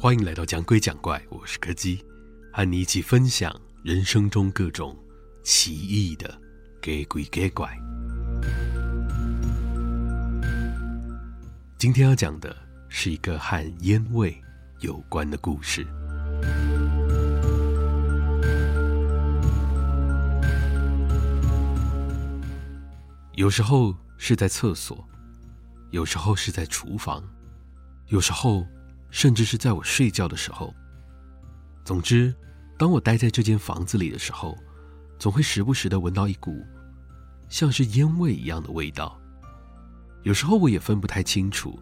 歡迎來到講鬼講怪，我是柯基，和你一起分享人生中各種奇異的講鬼講怪。今天要講的是一個和煙味有關的故事。有時候是在廁所，有時候是在廚房，有時候，甚至是在我睡覺的時候。總之，當我待在這間房子裡的時候，總會時不時的聞到一股像是煙味一樣的味道。有時候我也分不太清楚，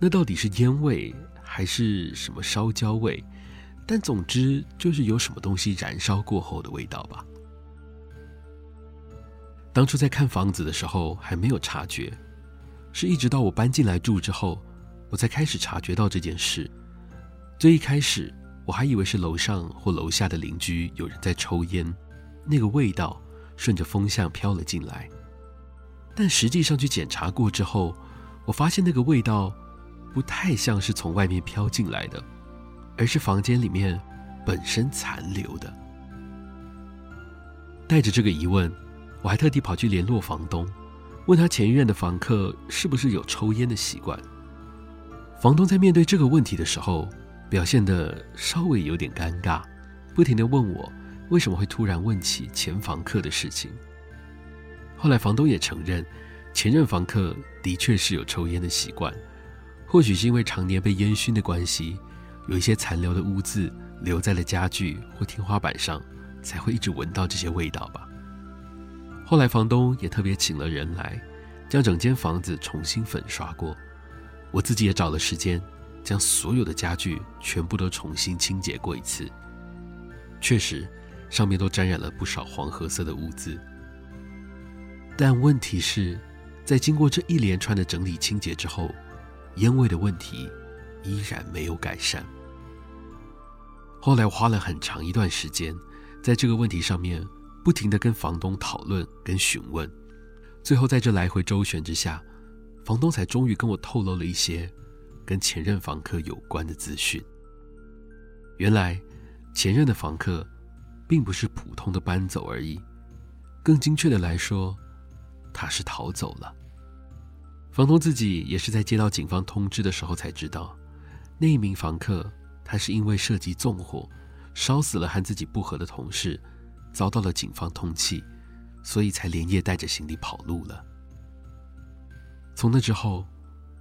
那到底是煙味還是什麼燒焦味，但總之就是有什麼東西燃燒過後的味道吧。當初在看房子的時候還沒有察覺，是一直到我搬進來住之後，我才開始察覺到這件事。最一開始，我還以為是樓上或樓下的鄰居有人在抽菸，那個味道順着風向飄了進來。但實際上去檢查過之後，我發現那個味道不太像是從外面飄進來的，而是房間裡面本身殘留的。帶着這個疑問，我還特地跑去聯絡房東，問他前一任的房客是不是有抽菸的習慣。房東在面對這個問題的時候，表現得稍微有點尷尬，不停地問我為什麼會突然問起前房客的事情。後來房東也承認，前任房客的確是有抽煙的習慣，或許是因為常年被煙燻的關係，有一些殘留的污漬留在了家具或天花板上，才會一直聞到這些味道吧。後來房東也特別請了人來，將整間房子重新粉刷過。我自己也找了時間，將所有的家具全部都重新清潔過一次。確實，上面都沾染了不少黃褐色的污漬。但問題是，在經過這一連串的整理清潔之後，煙味的問題依然沒有改善。後來我花了很長一段時間，在這個問題上面不停的跟房東討論跟詢問，最後在這來回周旋之下。房東才終於跟我透露了一些跟前任房客有關的資訊。原來，前任的房客並不是普通的搬走而已，更精確的來說，他是逃走了。房東自己也是在接到警方通知的時候才知道，那一名房客他是因為涉及縱火，燒死了和自己不和的同事，遭到了警方通緝，所以才連夜帶着行李跑路了。從那之後，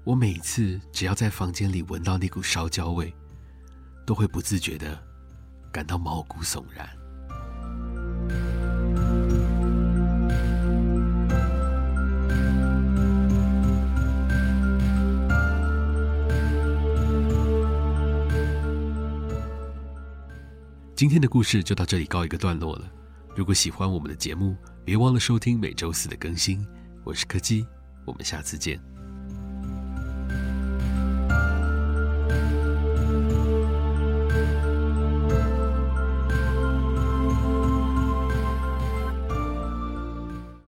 我每次只要在房間裡聞到那股燒焦味，都會不自覺的感到毛骨悚然。今天的故事就到這裡告一個段落了。如果喜歡我們的節目，別忘了收聽每周四的更新。我是柯基。我們下次見。